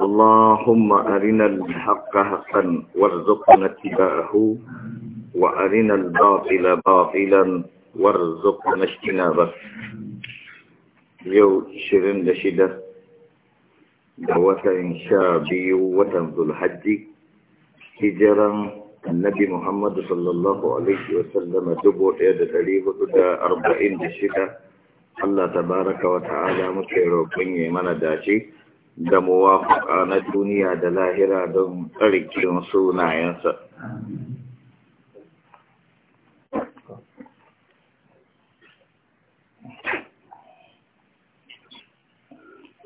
اللهم أرنا الحق حقا وارزقنا اتباعه وأرنا الباطل باطلا وارزقنا اجتنابه يو شرين لشدة دوات إن شاء بيو ذو الحج هجرا النبي محمد صلى الله عليه وسلم دبو إيد تليه تدا أربعين لشدة الله تبارك وتعالى مكيرو كني من داشي da muwafaƙa na duniya da lahira don tsarkin sunayensa.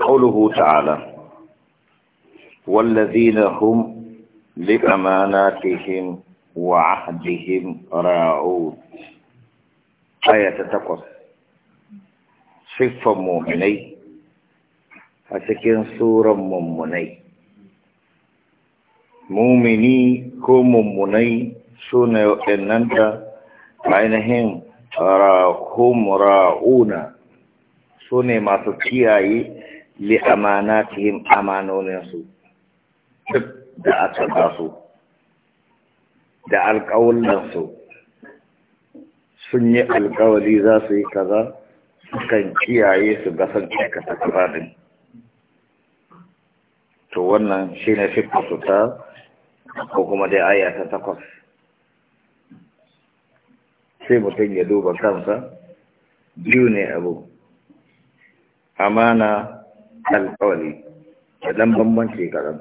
قوله تعالى والذين هم لأماناتهم وعهدهم راعون آية تقص صفة مؤمنين a cikin tsoron mummunai mumini ko mummunai su ne waɗannan da ainihin ra'una su ne masu kiyaye li cikin amanoninsu duk da aka su da alƙawullansu sun yi alƙawari za su yi kaza sukan kiyaye su ga san aikata kaza to wannan shi ne fifinsu ta ko kuma dai aya ta takwas sai mutum ya duba kansa biyu ne abu amana alkawali da dan bambanci kaɗan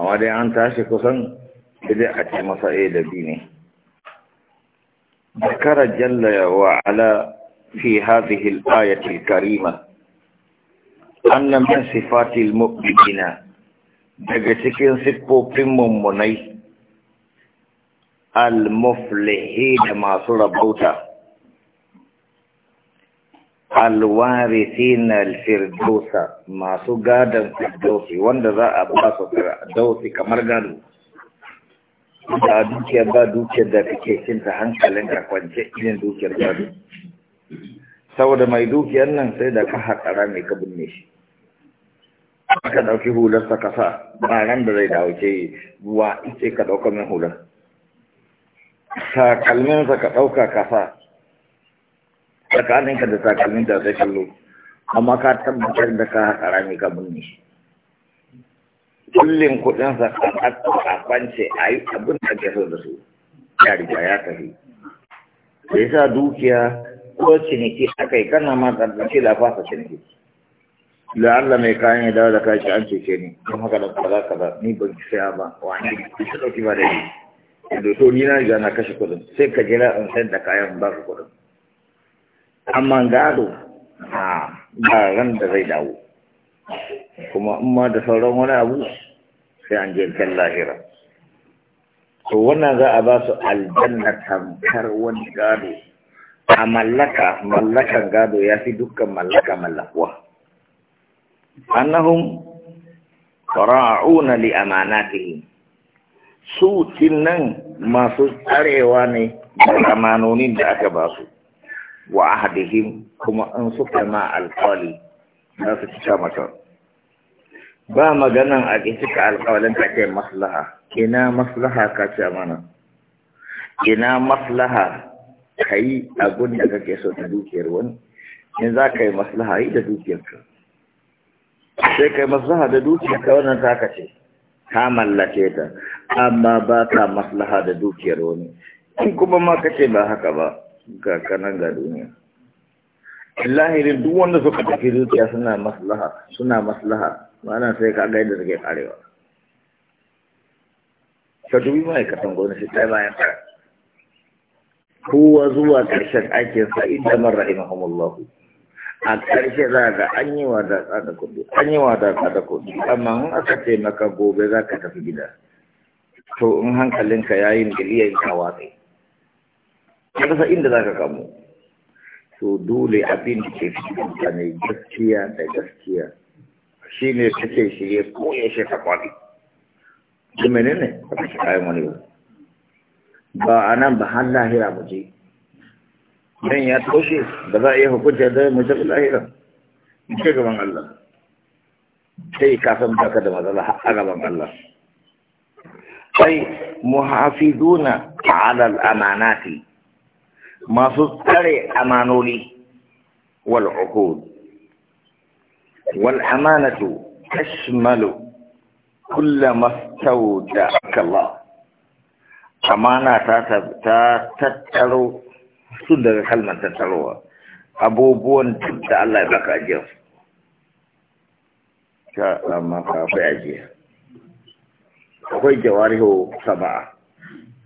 amma dai an tashi kusan dai a ce masa a da b ne ذكر جل وعلا في هذه الآية الكريمة أن من صفات المؤمنين daga cikin siffofin mummunai al-muflihi da masu rabauta al-warisin al masu gadon firdosi wanda za a ba su firdosi kamar gado da dukiyar ba dukiyar da kake cin ta hankalin ka kwance irin dukiyar gado saboda mai dukiyar nan sai da ka haƙara mai ka binne shi dauki hular sa kasa ba ran da zai dawo ce wa ice ka dauka min hular sa ka ɗauka kasa tsakaninka da kalmin da zai kallo amma ka tabbatar da ka haƙa rami ka binne kullum sa a kwance a yi abin da ke so da su ya riga ya tafi sai sa dukiya ko ciniki aka yi kana ma tsarkace lafasa ciniki da Allah mai kayan ya dawo da kashi an cece ni don haka da kaza kaza ni ban saya ba wani ki shi dauki ba da ni da to ni na riga na kashe kudin sai ka jira in san da kayan ba ku kudin amma gado a ba ran da zai dawo kuma in ma da sauran wani abu sai an je kan lahira to wannan za a ba su aljanna tamkar wani gado a mallaka mallakan gado ya fi dukkan mallaka mallakuwa annahum fara'una li amanatihim su nan masu tsarewa ne da amanonin da aka ba su wa ahadihim kuma an suka ma alkawali za su cika mata ba maganan a cika alkawalin ka ce maslaha ina maslaha ka ce mana ina maslaha ka yi abin da kake so ta dukiyar wani in za ka yi maslaha yi da dukiyarka sai kai maslaha da dukiyar ka wannan taka ce ka mallake ta amma ba ka maslaha da dukiyar wani in kuma ma kace ba haka ba ga kanan ga duniya lahirin duk wanda suka tafi dukiya suna maslaha suna maslaha ma'ana sai ka ga yadda suke karewa ka dubi ma'aikatan gwamnati ta bayan ta kowa zuwa ƙarshen aikinsa inda man rahimahumullahu a ƙarshe za ga an yi wa da da kuɗi an yi wa da da kuɗi amma in aka ce maka gobe za ka tafi gida to in hankalinka ya yi miliyan kawa watsi ka rasa inda za ka kamu to dole abin da ke fi ne gaskiya da gaskiya shi ne kake shirye ko ya shi ta kwari ji menene ba ka shi kayan wani ba ba a nan ba har lahira mu je من يتخشي بقى ايه كنت ده مجد الله ايه مش كده من الله شيء كافم تكده ما ده حقا من الله اي محافظون على الامانات ما سترى امانولي والعقود والأمانة تشمل كل ما استودعك الله أمانة تتلو tun daga kalmar tattarwa abubuwan da Allah ya baka ajiyar ta amma ka akwai ajiya akwai jawariho saba'a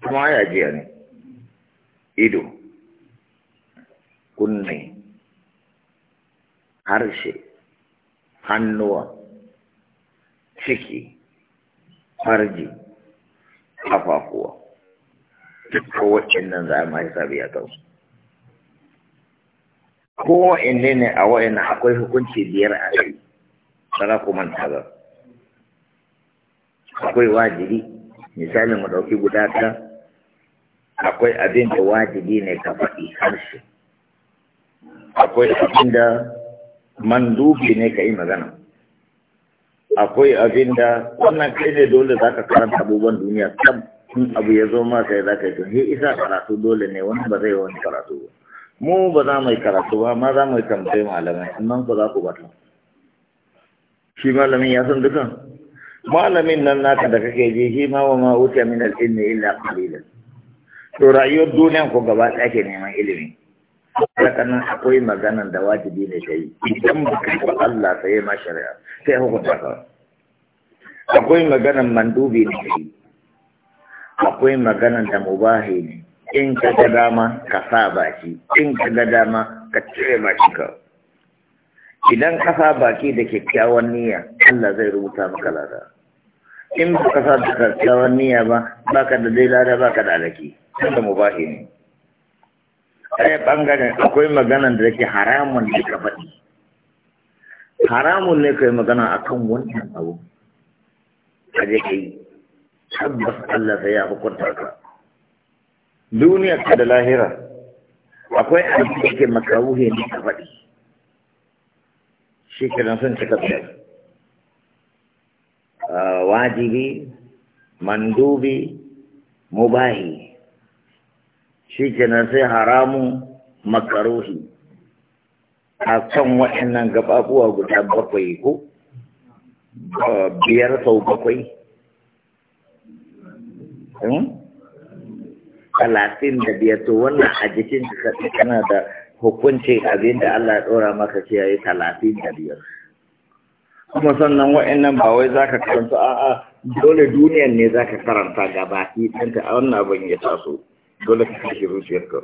kuma ya ajiya ne ido kunne harshe hannuwa ciki farji kafafuwa duk kowace nan za a mahaifar biya kansu ko inene ne a wa'ina akwai hukunci biyar a kai tsara kuma tsara akwai wajibi misalin mu dauki guda ta akwai abin da wajibi ne ka faɗi harshe akwai abin da mandubi ne ka yi magana akwai abin da wannan kai ne dole za ka karanta abubuwan duniya kam in abu ya zo ma sai za ka yi isa karatu dole ne wani ba zai yi wani karatu ba mu ba za mu yi karatu ba ma za mu yi tambayi malamai nan ku za ku bata shi malamin ya san dukan malamin nan naka da kake ji shi ma wa ma wuce min al illa qalilan to rayuwar duniyan ku gaba ɗaya ke neman ilimi sakanan akwai maganan da wajibi ne ta yi idan ba ka ba Allah sai ma shari'a sai hukunta ka akwai maganan mandubi ne ta yi akwai maganan da mubahi ne in ka ga dama ka sa baki in ka ga dama ka cire baki ka idan ka sa baki da kyakkyawan niyya Allah zai rubuta maka lada in ba ka sa da kyakkyawan niyya ba ka da dai lada ka da alaki mu mubahi ne ɗaya ɓangaren akwai maganan da yake haramun da ka faɗi haramun ne kai magana akan wannan abu ka je ka yi tabbas Allah zai ya hukunta ka duniyar ka da lahira akwai abin da ke makaruhe ne ka faɗi shi nan sun cika biyar ah, wajibi mandubi mubahi shi kenan sai haramu makaruhi a kan waɗannan gaɓaɓuwa guda bakwai ko biyar sau bakwai hmm? talatin da biyar to wannan a jikin ka kana da hukuncin abin da Allah ya ɗora maka ce yayi talatin da biyar kuma sannan wa'annan ba wai za ka karanta a'a dole duniyan ne za ka karanta gaba ki ɗanta a wannan abin ya taso dole ka kashe zuciyarka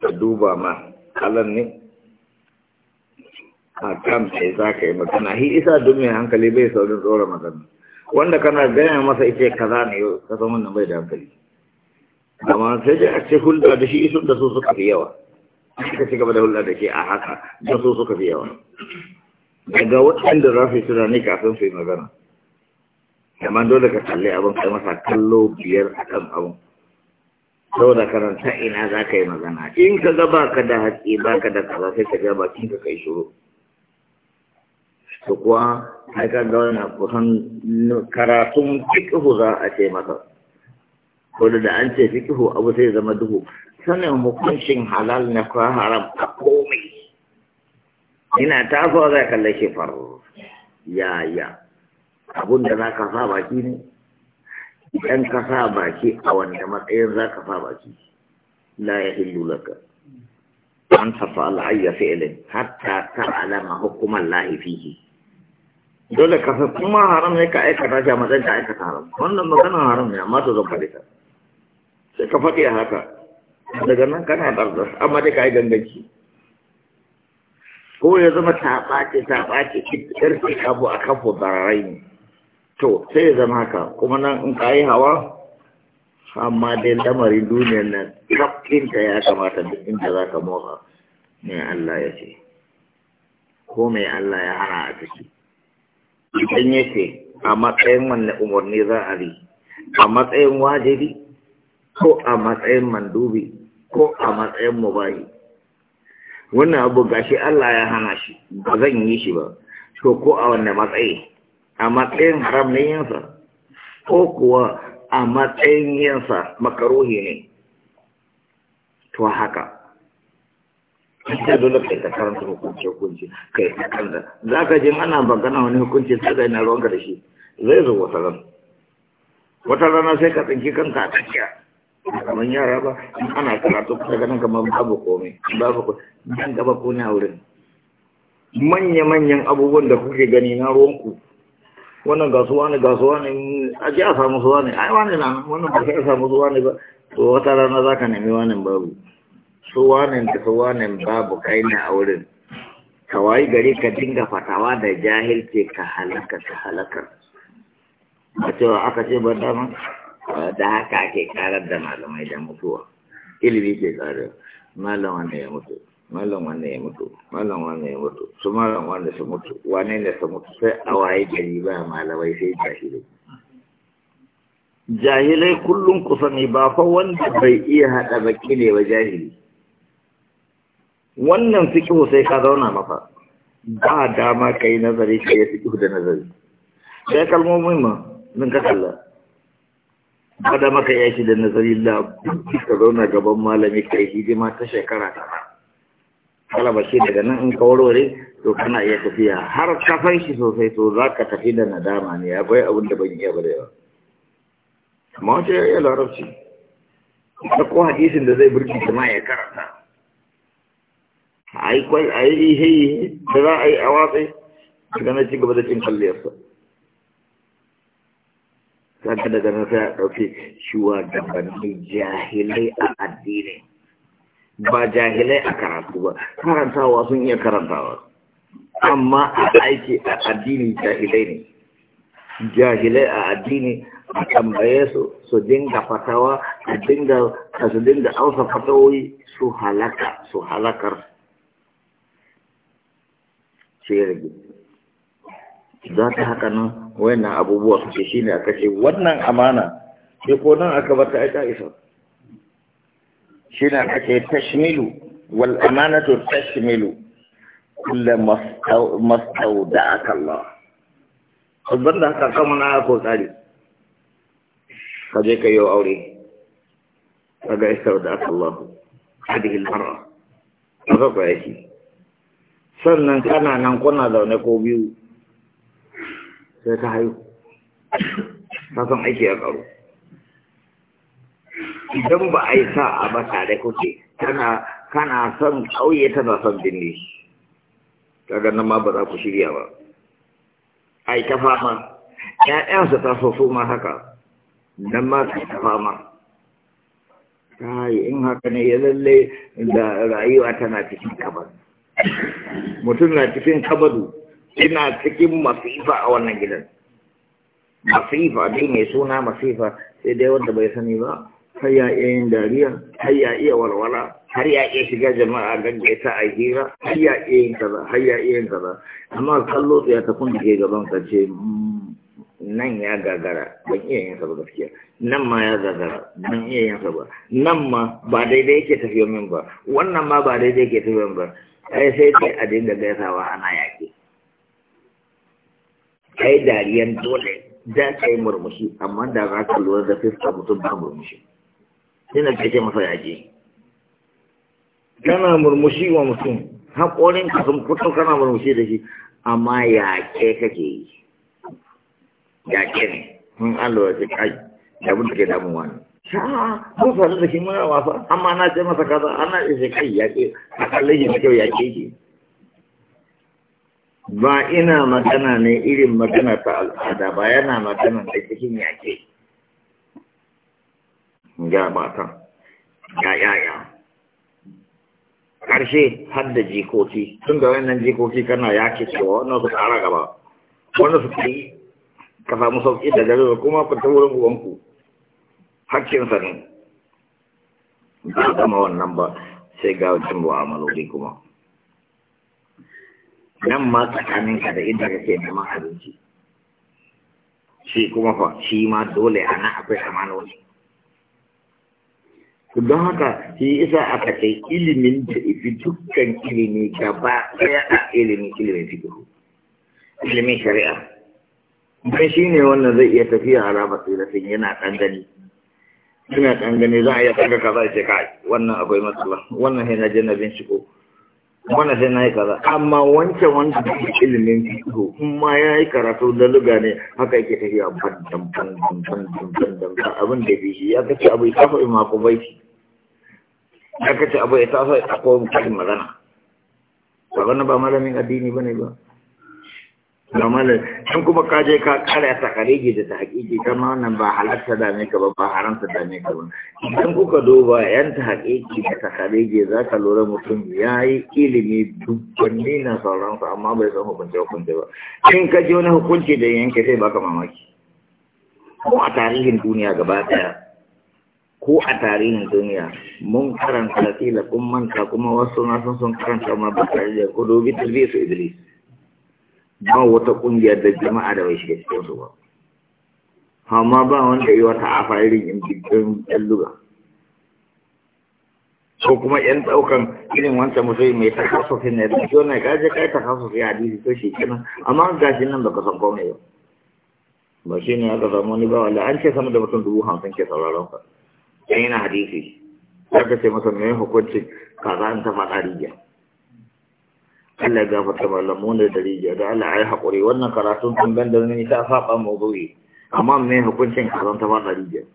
ka duba ma kalan ne a kan sai za ka yi magana hi isa duniya hankali bai saurin tsora magana wanda kana gaya masa ita kaza ne ka san wannan bai da hankali amma sai dai a ce hulɗa da shi sun da su suka fi yawa suka ci gaba da hulɗa da shi a haka da su suka fi yawa daga waɗanda za su yi tunani kafin su yi magana amma dole ka kalli abin kai masa kallo biyar a kan abin saboda karanta ina za ka yi magana in ka ga ba ka da haƙi ba ka da kaza sai ka ja bakin ka kai shuru to kuwa ai ka ga wannan kusan karatun kikihu za a ce masa ko da an ce fikihu abu sai zama duhu sanin hukuncin halal na kwa haram a komai ina ta so za ka lashe faru ya ya abun da za ka sa baki ne idan ka sa baki a wanda matsayin za ka sa baki la ya hillu laka an safa al'ayya fi'ilin hatta ta'alama hukumar lahi fihi dole ka kuma haram ne ka aikata shi a matsayin ka aikata haram wannan maganar haram ne amma to zan faɗi sai eh, ka faɗi haka daga nan kana ɗarɗar amma dai ka yi ganganci ko ya zama ta ɓace ta ɓace ƙarfi abu a kafa bararai ne to sai ya zama haka kuma nan in ka yi hawa amma dai lamarin duniyar nan kafinta ya kamata duk inda za ka motsa mai Allah ya ce ko mai Allah ya hana a ciki idan ya ce a matsayin wannan umarni za a bi a matsayin wajibi ko a matsayin mandubi ko a matsayin mubahi wannan abu gashi Allah ya hana shi ba zan yi shi ba to ko a wanne matsayi a matsayin haram ne yinsa ko kuwa a matsayin yinsa makaruhi ne to haka ta dole kai ta karanta hukunci hukunci kai ta kanda za ka jin ana bagana wani hukunci sai da ina ruwanka da shi zai zo wata rana wata rana sai ka tsinki kanka a tsakiya kamar yara ba in ana karatu kusa ganin kamar babu komai babu ko dan gaba ko na wurin manya-manyan abubuwan da kuke gani na ruwanku wannan ga gasuwa ne gasuwa ne a ji a samu suwa ne ai wani na wannan ba sai a samu suwa ne ba to wata rana za ka nemi wani babu suwa ne da suwa ne babu kai na a wurin ka wayi gari ka dinga fatawa da jahilce ka halaka ka halaka a cewa aka ce ban dama da haka ake karar da malamai da mutuwa ilimi ke karar malam wanda ya mutu malam wanda ya mutu malam wanda ya mutu su malam wanda su mutu wane ne su mutu sai a waye gari ba malamai sai jahilai jahilai kullum ku sani ba fa wanda bai iya haɗa baki ne ba jahili wannan fikihu sai ka zauna mafa ba dama ka yi nazari ka yi fikihu da nazari sai kalmomin ma min ka kalla Kada maka yaki da nazarin da ka zauna gaban malami ka yi hidima ta shekara Kala kalaba shi daga nan in ka warware to kana iya tafiya har san shi sosai to za ka tafi da nadama ne akwai abin da ban iya ba yawa amma wace ya iya larabci ta ko hadisin da zai burki kuma ya karanta a yi kwai a yi ihe da za a yi a watsai, daga na ci gaba da cin kalliyarsa ta daga nan sai a ɗauki shugabanni jahilai a addini ba jahilai a karatu ba karantawa sun iya karantawa amma a aiki a addini jahilai ne jahilai a addini a tambaye su su dinga fatawa a dinga a su dinga ausa fatawoyi su halaka su halakar sai za ta haka nan wayannan abubuwa suke shi ne aka ce wannan amana sai ko nan aka bata aika isa shi ne aka ce tashmilu wal amanatu tashmilu kulla mastau da aka Allah babban da haka kama na ko tsari ka je ka yi aure ka ga isa da aka Allah hadihi al-mar'a aka kwaye shi sannan kana nan kuna zaune ko biyu sai ta haihu ta san aiki a karu idan ba a yi sa a ba tare kuke tana kana son ƙauye tana son binne, kaga nan ma ba za ku shirya ba ai ta fama ƴaƴansa ta so su ma haka nan ma ta ta fama kai in haka ne ya lalle da rayuwa tana cikin kabar mutum na cikin kabaru ina cikin masifa a wannan gidan masifa dai mai suna masifa sai dai wanda bai sani ba har ya iya yin dariya har ya iya walwala har ya iya shiga jama'a gaggaita a hira har ya iya yin kaza har ya iya yin kaza amma kallo ya tafi da ke gaban ka ce mm, nan ya gagara ban iya yin sa ba gaskiya nan ma ya gagara ban iya yin sa ba nan ma ba daidai yake tafiya min ba wannan ma ba daidai yake tafiya min ba ai sai dai a dinga gaisawa ana ya Ka yi dariyan dole za ka yi murmushi amma da za ka lura da fiska mutum ba murmushi yana kake masa yaƙi kana murmushi wa mutum haƙorin ka sun fito kana murmushi da shi amma ke kake yi yaƙe ne mun an lura da kai da abin da ke damuwa ne sha'a mun faru da shi muna wasa amma na ce masa kaza ana ishe kai yaƙe a kallon shi da kyau yaƙe ke ba ina magana ne irin magana ta al'ada ba yana magana da cikin yake ga matan ga yaya ƙarshe har da jikoki tun da wannan jikoki kana yake cewa wannan su tsara gaba wannan su ƙi ka samu sauƙi da gari kuma ku wurin uwanku hakkinsa ne ba gama wannan ba sai ga wajen mu'amaloli kuma nan ma tsakaninka da inda kake neman abinci shi kuma fa shi ma dole a nan akwai amanoni don haka shi isa aka ce ilimin da ifi dukkan ilimi gaba ɗaya a ilimin ilimin fikiru ilimin shari'a don shi ne wannan zai iya tafiya a raba tsirafin yana ɗan gani yana ɗan gani za a iya ɗaga kaza ya ce kai wannan akwai matsala wannan yana jin na binciko mana sai na yi kaza amma wancan wanda da ke ilimin fito in ma ya yi karatu da luga ne haka yake yiwa bandan bandan bandan bandan ba abin da bi shi ya kace abu ya tafi ma ko bai ya kace abu ya tafi ko kai magana ba ba malamin addini bane ba normaler in kuma ka je ka kara ta da ta hakiki kama wannan ba halatta da ka ba ba haramta da ka ba idan kuka duba yan ta hakiki da ta karege za ka lura mutum ya yi ilimi dubbanni na sauransu amma bai san hukunce hukunce ba in ka ji wani hukunci da yanke sai baka mamaki ko a tarihin duniya gaba daya ko a tarihin duniya mun karanta kila kuma manta kuma wasu na sun karanta ma ba tare da ku dubi su idris ba wata ƙungiyar da jama'a da bai shiga cikin su ba amma ba wanda yi wata afa irin yankin yan luga ko kuma yan ɗaukan irin wanda mutum mai takasufi ne da shi wannan kaje kai takasufi a hadisi to shi kenan amma gashi nan baka san komai ba ba shi ne aka samu wani ba wanda an ce sama da mutum dubu hamsin ke sauraron ka yana hadisi ya ce masa mai hukuncin kaza an ta faɗa rijiya Allah ga gafarta malamu da darija da Allah ya haƙuri wannan karatun ban da wani ta faɓa mawdu'i amma me hukuncin kazan ta ba darija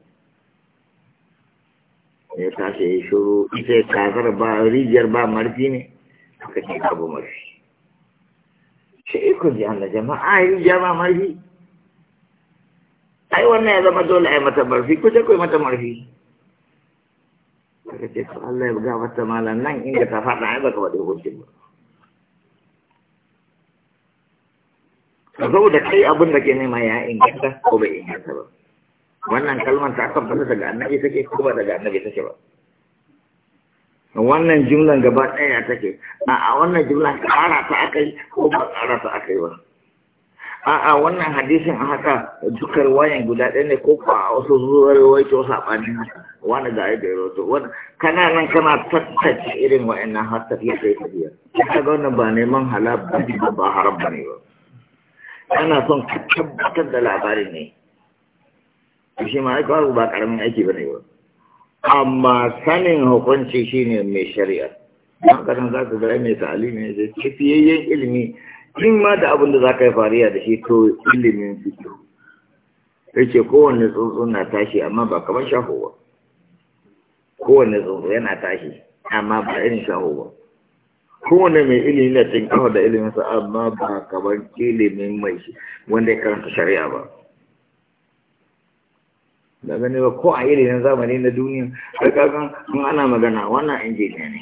ya tashi ya shiru ita kazar ba rijiyar ba marfi ne aka ce abu marfi sai ikon ji Allah jama'a rijiya ba marfi ai wannan ya zama dole a yi mata marfi ko ce ko mata marfi aka ce Allah ya gafarta malam nan inda ta faɗa ai baka faɗi hukuncin ba ka zo da kai abin da ke nema ya inganta ko bai inganta ba wannan kalmar ta tabbata daga annabi take ko ba daga annabi take ba wannan jumlan gaba ɗaya take a a wannan jumlan kara ta akai, ko ba kara ta akai ba a a wannan hadisin a haka dukkan wayan guda ɗaya ne ko ba a wasu zuwa rawaito saɓanin wani da aida rawaito wani kana nan kana tattace irin wa'annan har tafiya sai tafiya ta ga wannan ba neman halabba ba haram ba ne ba ana son ka tabbatar da labarin ne shi ma aika ba karamin aiki ba ne ba amma sanin hukunci shine mai shari'a don kasan za su zai mai sa'ali ne da kifiyayyen ilimi in ma da abin da za ka yi fariya da shi to ilimin fito yake kowane tsuntsu na tashi amma ba kamar shaho ba kowane tsuntsu yana tashi amma ba irin shaho ba kowane mai ilimi na cin kafa da iliminsa amma ba kamar ilimin mai wanda ya karanta shari'a ba da gani ba ko a ilimin zamani na duniya har kakan in ana magana wannan injiniya ne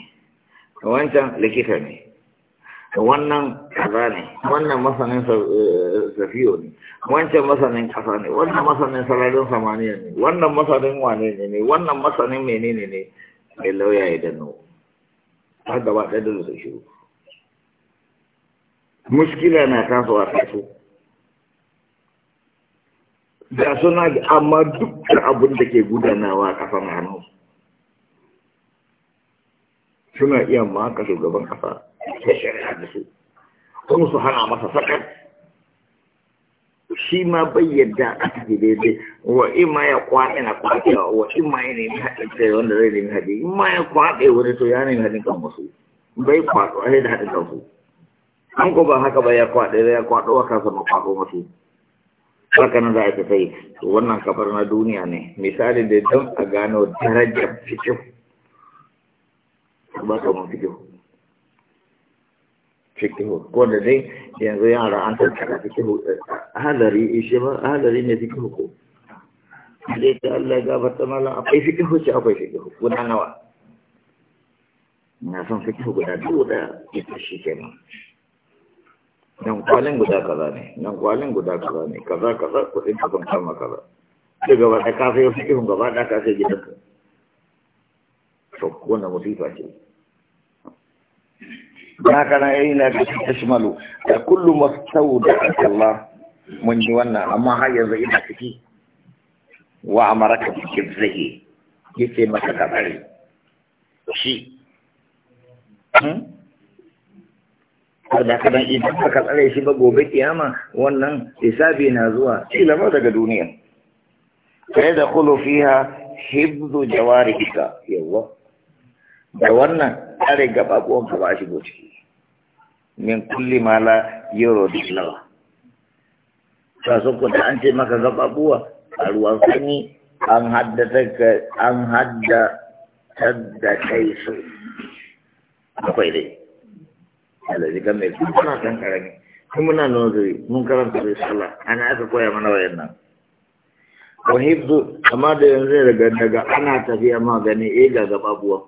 wancan likita ne wannan kaza ne wannan masanin eh, safiyo ne wancan masanin kasa ne wannan masanin sararin samaniya ne wannan masanin wane ne ne wannan masanin menene ne mai lauya ya danno har gaba ɗaya da zai shiru muskila na tasowa taso da suna amma dukkan abin da ke gudanawa a ƙasan hannu suna iya maka shugaban ƙasa ta shari'a da su kuma su hana masa sakar shi ma bai yadda a ciki daidai wa ima ya kwaɗe na kwaɗe wa ima ya nemi haɗin kai wanda zai nemi haɗi ima ya kwaɗe wani to ya nemi haɗin kan wasu bai kwaɗo a da haɗin kansu an ko ba haka ba ya kwaɗe ya kwaɗo wa kasa ma kwaɗo wasu haka nan za a tafi wannan kafar na duniya ne misali da don a gano darajar fito ba ta mun cikin ko da dai yanzu yara an tattara fikihu eh, halari ishe eh, ba halari ne fikihu ko dai ta Allah gafarta mala akwai fikihu ce akwai fikihu guda nawa na son fikihu guda biyu da ita shi ke nan kwalin guda kaza ne nan kwalin guda kaza ne kaza kaza kudin kafin kama kaza sai gaba da kafa yau fikihun gaba da ka sai gidanka to wannan musifa ce haka na yayi na tashmalu da kullu mastawda Allah mun yi wannan amma har yanzu ina ciki wa amaraka bi kibzihi yace maka ka bari shi har hmm? da kadan idan aka tsare shi ba gobe kiyama wannan hisabi na zuwa kila ma daga duniya sai da kulu fiha hibzu jawarihika yallah da wannan tsare gaba ko ka ba shigo ciki min kulli ma la yuro dillawa ta so ko da an ce maka gaba buwa a ruwan sanyi an haddata an hadda tadda kai su akwai dai alaji kan mai kuma kan karami kun muna nazari mun karanta da sallah ana aka koya mana wayannan wa Hibdu, kama da yanzu daga daga ana tafiya magani eh ga gaba buwa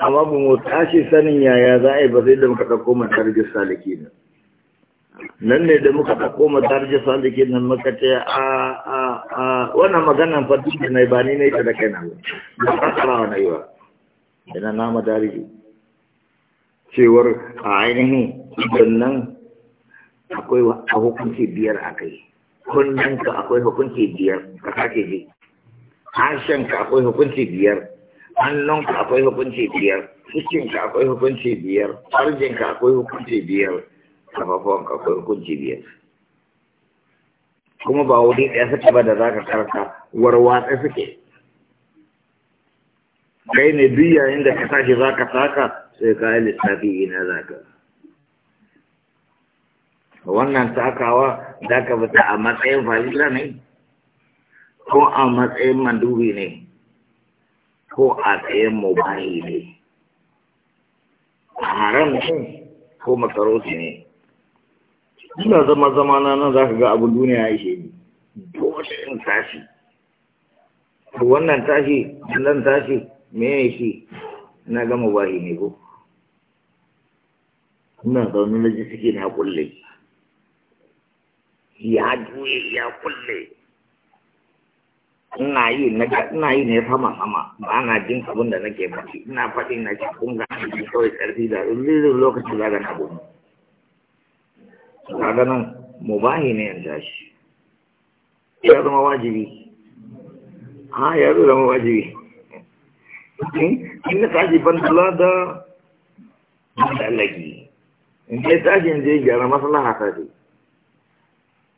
amma ba mu tashi sanin yaya za a yi ba sai da muka ɗauko matarjin saliki ne nan ne da muka ɗauko matarjin saliki nan muka ce a a a wannan maganan fa duk da ba ni ne ta da kaina ba ba ta rawa na ina na madariji cewar a ainihin sannan akwai a hukunci biyar a kai kundinka akwai hukunci biyar ka sake ji harshenka akwai hukunci biyar hannunka akwai hukunci biyar fuskinka akwai hukunci biyar farjinka akwai hukunci biyar kafafuwanka akwai hukunci biyar kuma ba wuri ɗaya suke ba da za ka karanta warwatsa suke kai ne duk yayin da ka tashi za ka saka sai ka yi lissafi ina za ka wannan takawa za ka fita a matsayin falila ne ko a matsayin mandubi ne ko a tsayen mu ne a haram ko makarosi ne ina zama zama na nan za ka ga abin duniya ya shi ni dole in tashi to wannan tashi nan tashi me ya shi na ga bayi ne ko ina zaune na ji suke na kulle ya juye ya kulle ina yi na ina yi ne sama sama ba na jin abin da nake faɗi ina faɗi na ci kun ga ni kawai karfi da lullu lokaci za ga na gudu mu ba mubahi ne yanzu shi ya zama wajibi ha ya zama wajibi in na tashi ban kula da dallagi in kai tashin je gyara maslaha ta ce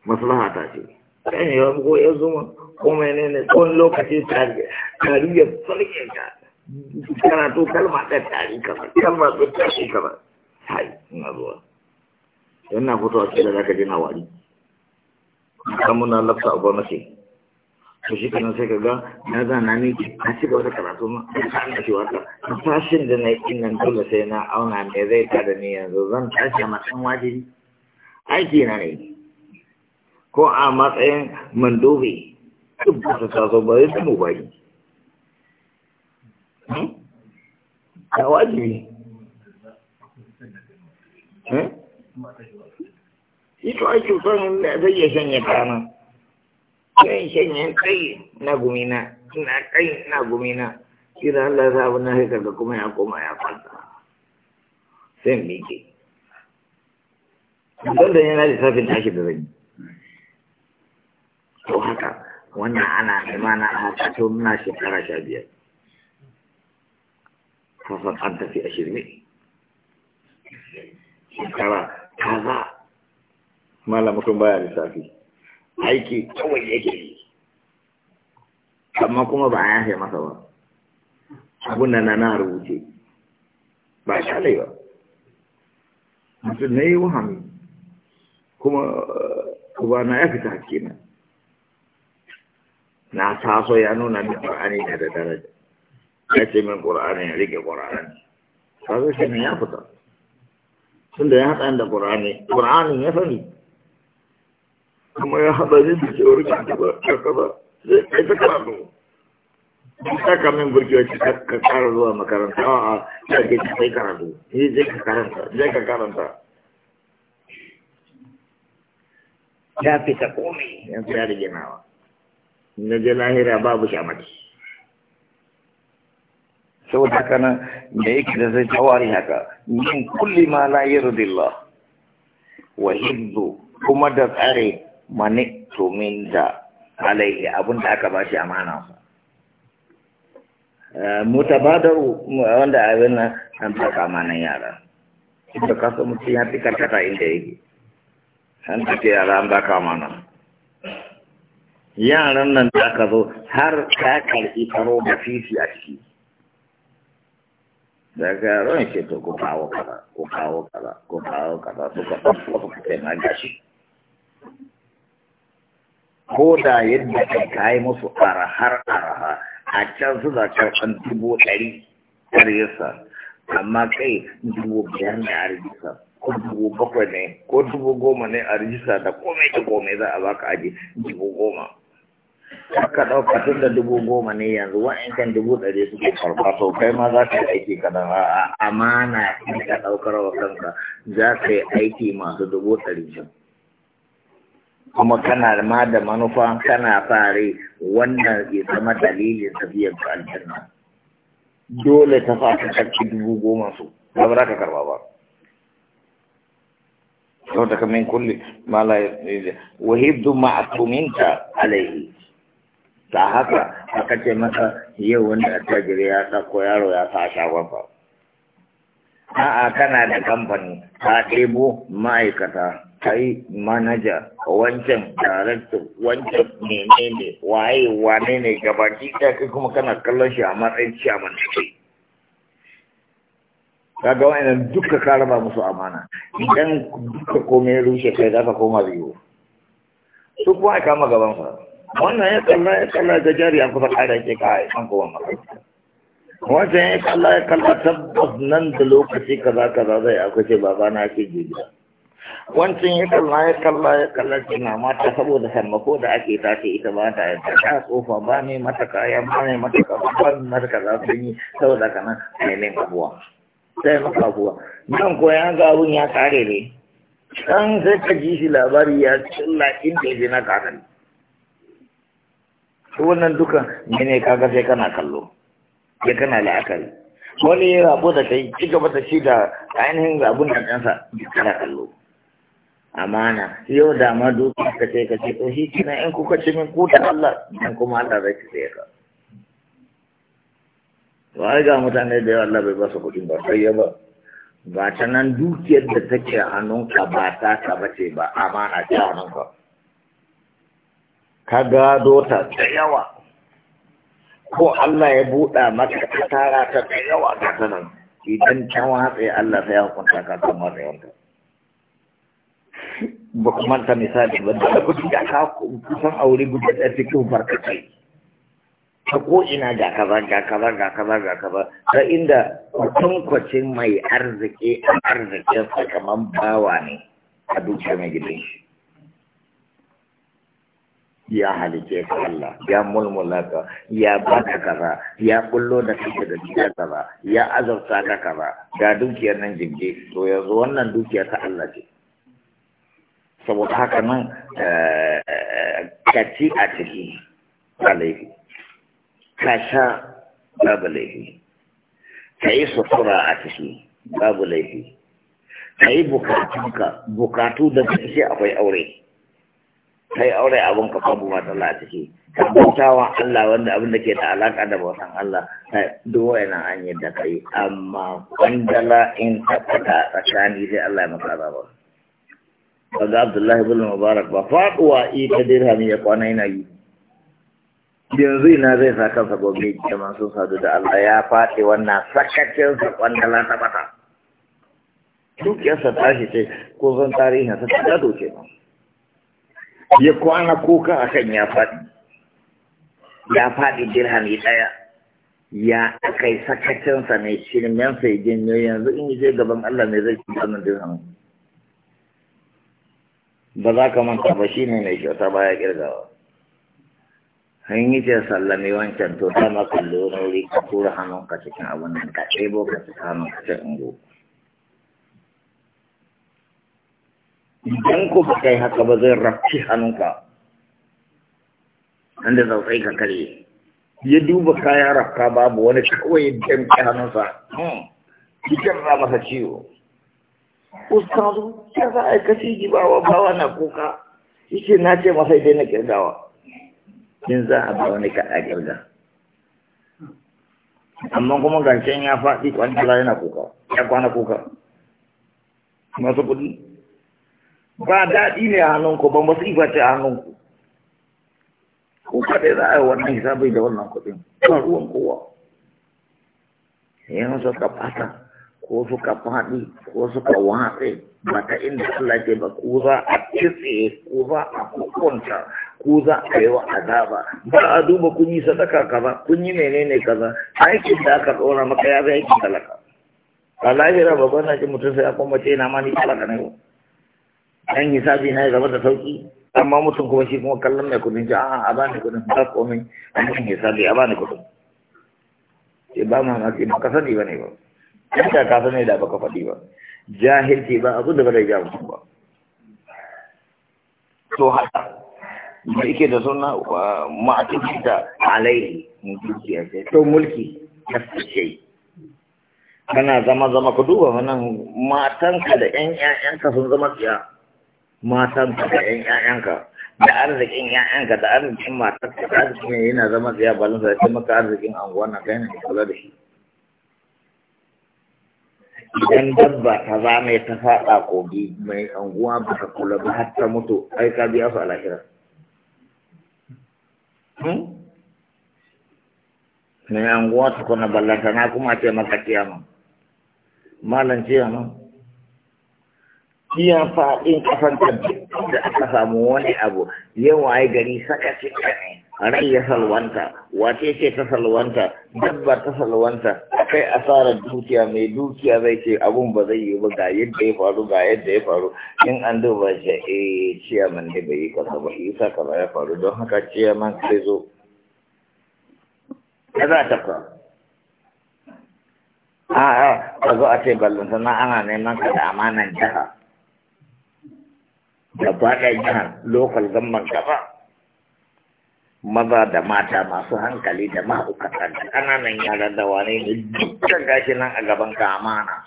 maslaha ta ce sai ne wani ya zuma ko mene ne tsawon lokaci tare tari ya farke ka karatu kalma ɗan tari kamar kalma ɗan tari kamar hai ina zuwa yan na fito a cikin da ka na wari kan muna lafta a gwamnati to shi kanan sai ka ga na zana ni na ci gaba da karatu ma na samu shi wata na fashin da na yi nan dole sai na auna me zai ta da ni yanzu zan tashi a matsan wajibi aiki na ne ko a matsayin mandobe ba ba mu bari da hmm? wajibi hmm? ito zai iya shanye kana shanye kai na gumina na kai na gumina Allah abu na kuma ya koma ya sai mike don da yana lissafin tashi da zai to haka wannan ana imana na haka to muna shekara sha biyar kafin an tafi a shirme shekara kaza malamakon baya lissafi aiki kawai yake yi amma kuma ba a yafe masa ba abun da na rubuce ba sha ba mutum na yi wahami kuma eh, na ya fita hakina na taso ya nuna min ƙur'ani na da daraja ya ce min ƙur'ani ya rike ƙur'ani ka shi ne ya fita tun da ya haɗa da ƙur'ani ƙur'anin ya sani kuma ya haɗa ni da cewar kasa kasa zai kai ta karatu duk ta kamin burkewa ce ka ƙara zuwa makaranta a a ta ke ta sai karatu ni zai ka karanta zai ka karanta ya fita komai yanzu ya rige nawa na je lahira babu shamaki saboda haka nan da yake da zai jawari haka yin kulli ma la yurdillah wa hibzu kuma da tsare mani tumin da alaihi abin da aka bashi amana sa eh, mutabadaru wanda abin nan an faka amanan yara da kasa mutum ya fi karkata inda yake an tafi yara an baka amana. yaran nan da aka zo har ka karfi karo da fifi a ciki daga ran ke to ko kawo kaza ko kawo kaza ko kawo kaza suka ɗauko suka kai na gashi ko da yadda kai kayi musu arahar araha a can suna karɓan dubu ɗari ƙaryarsa amma kai dubu biyar ne a rijista ko dubu bakwai ne ko dubu goma ne a rijista da komai da komai za a baka aji dubu goma aka ɗauka tun da dubu goma ne yanzu wa'ancan dubu ɗari suke karɓa to kai ma za ka yi aiki ka a amana in ka ɗaukar wa kanka za ka yi aiki masu dubu ɗari can kuma kana ma da manufa kana fare wannan ya zama dalilin tafiyar ka aljanna dole ta sa ka karɓi dubu goma su ba za ka karɓa ba da kamin kulli ma Wahib yuhibdu ma atuminta Alayhi. ta haka aka ce masa yau wanda attajiri ya ɗauko yaro ya sa shagon fa. a'a kana da kamfani ta ɗebo ma'aikata kai manaja wancan darakta wancan menene waye wane ne gabaki ɗaya kai kuma kana kallon shi a matsayin ciyaman da kai kaga wa'annan duka ka raba musu amana idan duka komai rushe kai za ka koma biyu su kuma kama gaban sa wannan ya kalla ya kalla ga jari an kusa ƙara ke ka yi an kuma makaranta wancan ya kalla ya kalla tabbas nan da lokaci kaza kaza zai akwai ce baba na ke gida wancan ya kalla ya kalla ya kalla ke na mata saboda sammako da ake tace ita ba ta yadda ta tsofa ba ne mata kaya ba ne mata kaza ba ne mata kaza sun yi saboda kana neman abuwa sai maka abuwa nan ko ya ga abun ya kare ne kan sai ka ji shi labari ya cilla inda ya je na kakali su wannan dukan mene kaga sai kana kallo sai kana la'akari wani ya rabu da kai ci gaba da shi da ainihin rabun da ɗansa kana kallo amana yau da ma duka ka ce ka ce to shi kina in kuka ce min kuta Allah dan kuma Allah zai ci sai ka ba ga mutane da Allah bai ba su kuɗin ba sai ya ba ba ta nan dukiyar da take a hannunka ba ta ka bace ba amana ta hannunka ka gado ta da yawa ko Allah ya buɗa maka ka tara ta da yawa ta sanar idan ta watsa Allah sai ya hukunta ka kan watsa yawanka ba ku manta misali ba da kuɗi da ka kusan aure guda da cikin kai, ta ko ina ga kaza ga kaza ga kaza ga kaza ta inda mutunkwacin mai arziki a arzikin sa kamar bawa ne a dukiyar mai gidan shi ya halice ka Allah ya mulmula ka ya baka kaza ya kullo da kake da gida kaza ya azabta ka kaza ga dukiyar nan jinge to yanzu wannan dukiya ta Allah ce saboda haka nan eh, kaci a ciki ba laifi ka sha babu laifi ka yi sutura a ciki babu laifi ka yi bukatunka bukatu da ciki akwai aure kai aure abun ka babu ma Allah a ciki Allah wanda abin da ke da alaka da bautan Allah duk wayannan an yadda kai amma kwandala in ta fada tsakani sai Allah ya maka azaba ga Abdullahi ibn Mubarak ba faduwa ita dirham ya kwana yana yi yanzu ina zai sa kansa gobe jama'a sun sadu da Allah ya faɗi wannan sakacin sa kwandala ta bata sa tashi ce ko zan na sa ta doke ba ya kwana kuka akan ya faɗi ya faɗi dirhami ɗaya ya aka yi sakacinsa ne shirmen sai janyo yanzu in yi je gaban Allah ne zai ci wannan dirham ba za ka manta ba shi ne mai kyauta baya kirgawa Hanyar yi ce sallami wancan to ta makon lori wuri ka tura hannunka cikin abin nan ka ɗebo ka cika hannunka cikin ungo idan ko ba kai haka ba zai rafi hannunka inda zautsai ka kare ya duba kaya rafka babu wani kawai dan damke hannunsa cikin hmm. ra masa ciwo ustazu ya za a kashe gibawa bawa na kuka yake na ce masa dai na kirgawa in za a ba wani kaɗa kirga amma kuma gancen ya faɗi kwantala yana kuka ya kwana kuka masu kuɗi ba daɗi ne a hannunku ba masifa ce a hannunku ko kaɗai za a yi wannan hisabi da wannan kuɗin ba ruwan kowa yanzu suka fata ko suka faɗi ko suka watse ba ta inda Allah ke ba ko za a kitse ko za a kukunta ko za a yi wa azaba ba a duba kun yi sadaka kaza kun yi menene kaza aikin da aka ɗora maka ya zai aikin talaka a lahira ba na ji mutum sai a kuma ce na ma ni talaka ne yi hisabi na zama da sauki amma mutum kuma shi kuma kallon mai kudin ji a a bani kudin ba komai amma hisabi a bani kudin ce ba ce ba ka sani ba ne ba yan ta ka sani da baka faɗi ba jahilci ba abu da ba zai ja mutum ba to haka da ike da suna ma'akin da alaihi mulki ya ce to mulki ya fice kana zama zama ka duba wannan matanka da yan ƴaƴanka sun zama tsiya matanka da ƴan ƴaƴanka da arzikin ƴaƴanka da arzikin matarka da arzikin yana zama a balin sa sai maka arzikin anguwan na kai ne kula da shi idan dabba ta mai ta faɗa kogi mai anguwa ba ka kula ba har ta mutu ai ka biya su a lahira hmm? mai anguwa tukuna ballantana kuma ce maka kiyama malam ciyama iya faɗin ƙasar ta da aka samu wani abu yawa ai gari sakaci ne rai ya salwanta wace ce ta salwanta dabba ta salwanta kai asarar dukiya mai dukiya zai ce abun ba zai yi ba ga yadda ya faru ga yadda ya faru in an duba shi eh ciyaman ne bai yi kaza ba isa kaza ya faru don haka ciyaman sai zo ya za ta faru a a ka zo a ce ballon sannan ana neman ka da amanan jiha gaba ɗaya jihar lokal gamman gaba maza da mata masu hankali da ma'aukata da ƙananan yara da wane ne dukkan gashi nan a gaban ka amana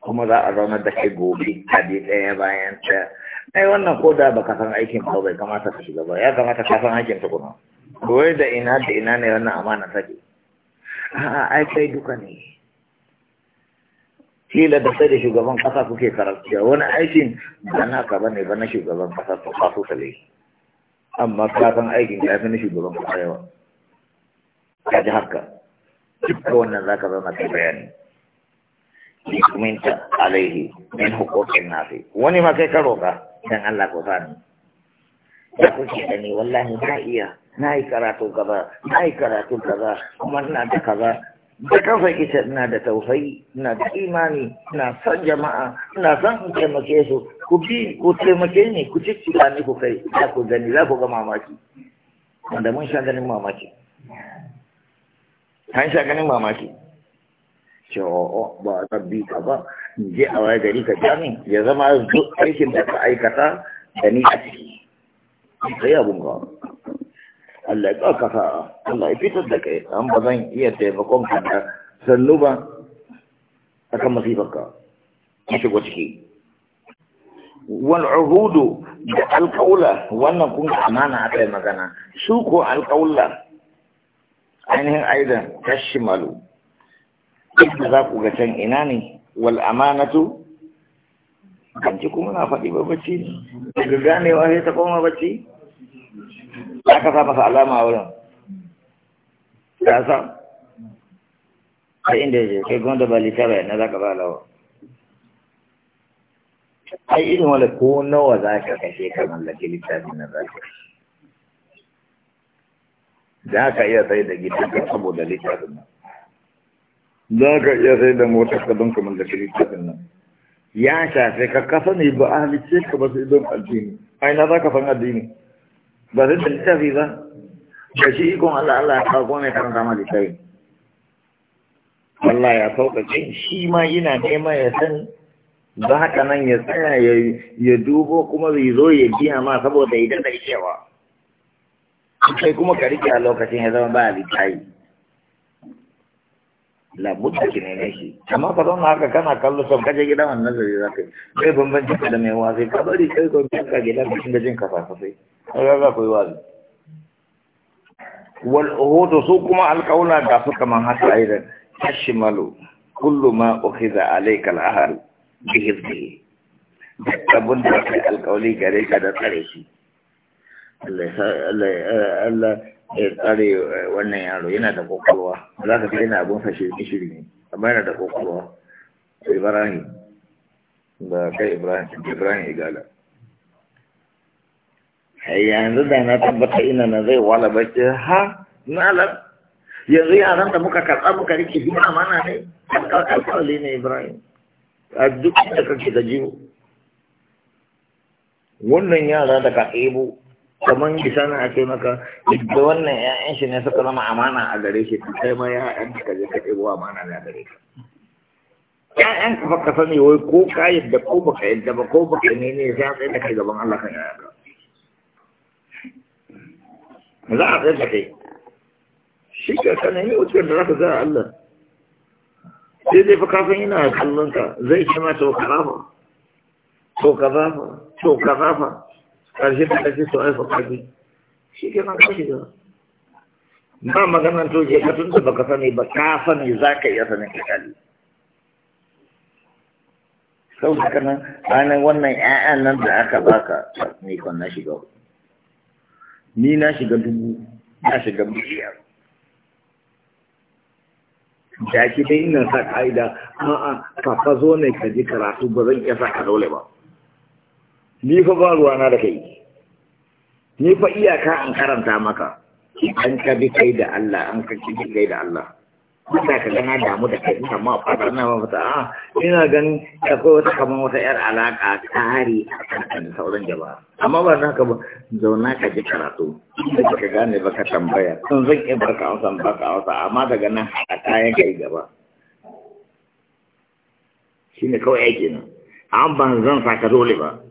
kuma za a zauna da shi gobe a bi ɗaya bayan ta ai wannan ko da baka san aikin ka bai kamata ka shiga ba ya kamata ka san aikin ta kuma koyar da ina da ina ne wannan amana take a'a ai kai duka ne kila da sai da shugaban kasa kuke karatu wani aikin ba ka bane ba na shugaban kasa to ka so tale amma ka san aikin ka fi na shugaban kasa yawa ka ji haka duk wannan zaka zama kai bayani likuminta alaihi min hukukin nafi wani ma kai karo ka dan Allah ko sani da kuke da ni wallahi na iya na yi karatu kaza na yi karatu kaza kuma na da kaza da kafa ita ina da tausayi ina da imani ina san jama'a ina san in taimake su ku bi ku taimake ni ku ci ni ku kai za ku gani za ku ga mamaki wanda mun sha ganin mamaki an sha ganin mamaki ce oh, oh, ba a bi ka ba je a waye gari ka jami ya zama aikin da ka aikata da ni a ciki sai abun gawa Allah ya ɗauka sa'a Allah ya fitar da kai an ba zan iya taimakon ka da sannu ba kan masifarka ya shigo ciki Wani uhudu da alƙaula wannan kun amana a magana su ko alƙaula ainihin aidan shimalu. inda za ku ga can ina ne wal amanatu kan ci kuma na faɗi ba bacci ne daga ganewa sai ta koma bacci za ka sa masa alama wurin Ya sa a inda ya je kai kuma da ba litara yana za ka ba lawa ai irin wani ko nawa za ka kashe ka mallaki littafi na za ka za ka iya sai da gidanka saboda littafin nan za ka iya sai da motar ka don ka mallaki littafin nan ya shafe ka kasa ne ba a halicce ka ba su idon addini ai na za ka san addini ba zai da littafi ba da shi ikon Allah Allah ya kawo mai karanta ma littafi Allah ya sauƙaƙe shi ma yana nema ya san ba haka nan ya tsaya ya dubo kuma zai zo ya biya ma saboda idan da cewa kai kuma ka rike a lokacin ya zama ba a littafi labuta ki ne shi amma ka zauna haka kana kallo son kaje gida wannan nazari za ka yi bai bambanci da mai wazi ka bari kai ko kin ka gida kin da jin ka fa sai ka ga koyi wazi wal uhudu su kuma alqaula ga su kaman haka aidan tashmalu kullu ma ukhiza alayka al ahal bi hizbihi abun da kai alqauli gare ka da tsare shi Allah Allah tsare eh, wannan yaro yana da kwakwalwa za ka fi yana abin fashe shiri ne amma yana da kwakwalwa ibrahim da kai ibrahim ibrahim igala yanzu da na tabbata ina na zai wala bacci ha alam yanzu yaran da muka karɓa muka rike bi amana ne alƙawali ne ibrahim a duk da kake da jiho wannan yara da ka ɗebo kamar misali a ce maka da wannan ƴaƴan shi ne suka zama amana a gare shi kai ma ya ƴaƴan ka je ka ɗebo amana da gare ka ƴaƴan ka fa sani wai ko ka yadda ko baka yadda ba ko baka ne ne sai sai da kai gaban Allah kan ƴaƴan ka za a tsaye da kai shi ka sanin ne wuce da za ka zara Allah sai zai fa kafin yana kallon ka zai ce ma to karafa to kazafa to rafa? ƙarshe da ƙarshe to ai faɗa shi ke nan kashi da ba maganar to je ka tun da baka sani ba ka sani za ka iya sanin kakali sau da kana ranar wannan 'ya'yan nan da aka baka ne kwan na shiga ni na shiga dubu na shiga miliyan da ki dai ina sa ka'ida a'a ka fa zo ne ka ji karatu ba zan iya sa ka dole ba ni fa ba ruwana da kai ni fa iyaka an karanta maka an ka bi kai da Allah an ka ci kai da Allah Ina ka gana damu da kai amma da na ba ta a ina ah, gan ko wata kama wata yar alaka tare a kan sauran jama'a amma ba za ka ba zauna ka ji karatu da ka gane ba ka tambaya sun zan iya barka hausa ka hausa amma daga nan a kayan kai gaba shine kawai yake nan an ban zan saka dole ba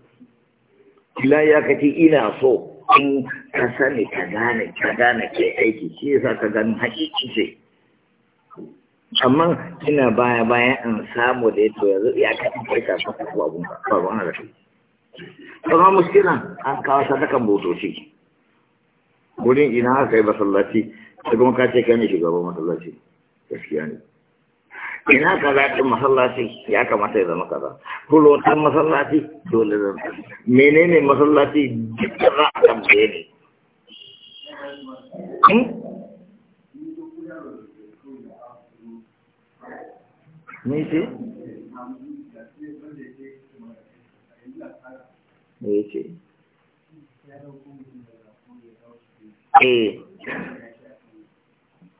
kila ya kace ina so in ka sani ka gane ka gane ke aiki shi yasa ka gani haƙiƙi ce amma ina baya bayan an samu da yato yanzu ya ka kai ka saka babu ba ana da kai kuma muskila an kawo sadakan botoci gurin ina aka yi masallaci sai kuma ka ce kai ne shugaban masallaci gaskiya ne ina kaza ta masallaci ya kamata ya zama kaza fulotan masallaci dole zan menene masallaci duk da za a tambaye ne hmm? me ce me ce eh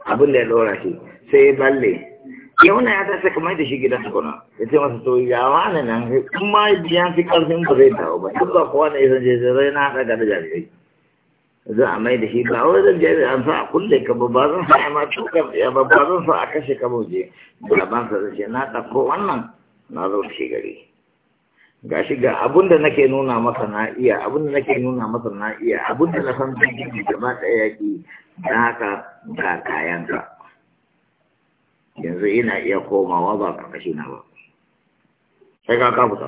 abin da ya dora shi sai balle yauna ya tafi kamar da shi gidan kuna ya ce masa to ya wani nan kuma ya fi karfin ba zai dawo ba duk ba kowa na isan jeje zai na haɗa da jarirai za a mai da shi ba wai zan jari an sa a kulle ka ba zan sa a ma ka ya ba ba zan sa a kashe ka ba je ba sa zai ce na ɗauko wannan na zo shi gari ga shi ga abin da nake nuna masa na iya abin da nake nuna masa na iya abin da na san zai gaba ɗaya yaƙi da haka ga kayanka yanzu ina iya komawa ba ƙarƙashi na ba sai ka kafuta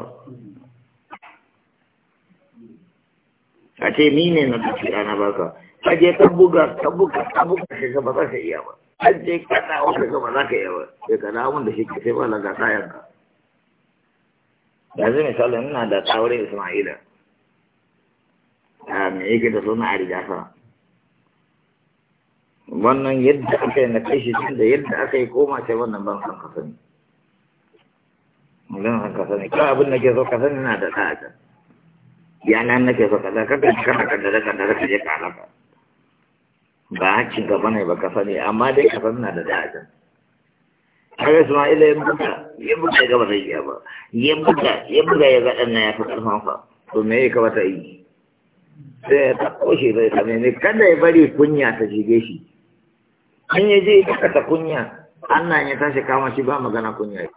a ce ni ne na tafi ana baka ka je ta buga ka buga ka buga shi ka ba za ka iya ba an je ka na wata ka ba za ka iya ba sai ka dawo da shi ka sai ba laga kayan ka yanzu misali, ina da tsaurin isma'ila a ah, me yake da suna a rigasa wannan yadda aka yi na kai shi da yadda aka yi koma ce wannan ban san ka sani ban san ka sani kan abin da ke so ka sani na da tsada ya nan nake so ka zaka ka kana kaddara da ka je ka halaka ba hakkin gaba ne ba ka sani amma dai ka sani na da tsada ma, ila ya buga ya buga gaba da iya ba ya buga ya buga ya ga dan ya fi karfan fa to me ya kamata yi sai ya tako shi zai same ne kada ya bari kunya ta shige shi an yi je ka ta kunya na ya tashi kama shi ba magana kunya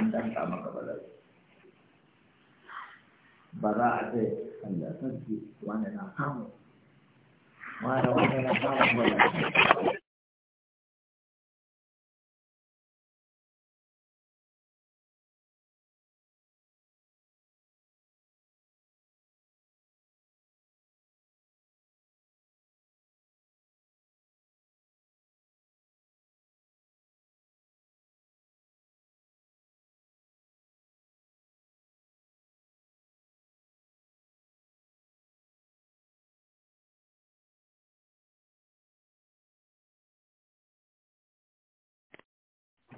an danka maka bala'i ba za a ce Allah sarki wani na samu wani wani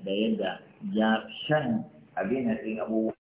da yadda ya shan abin da abubuwa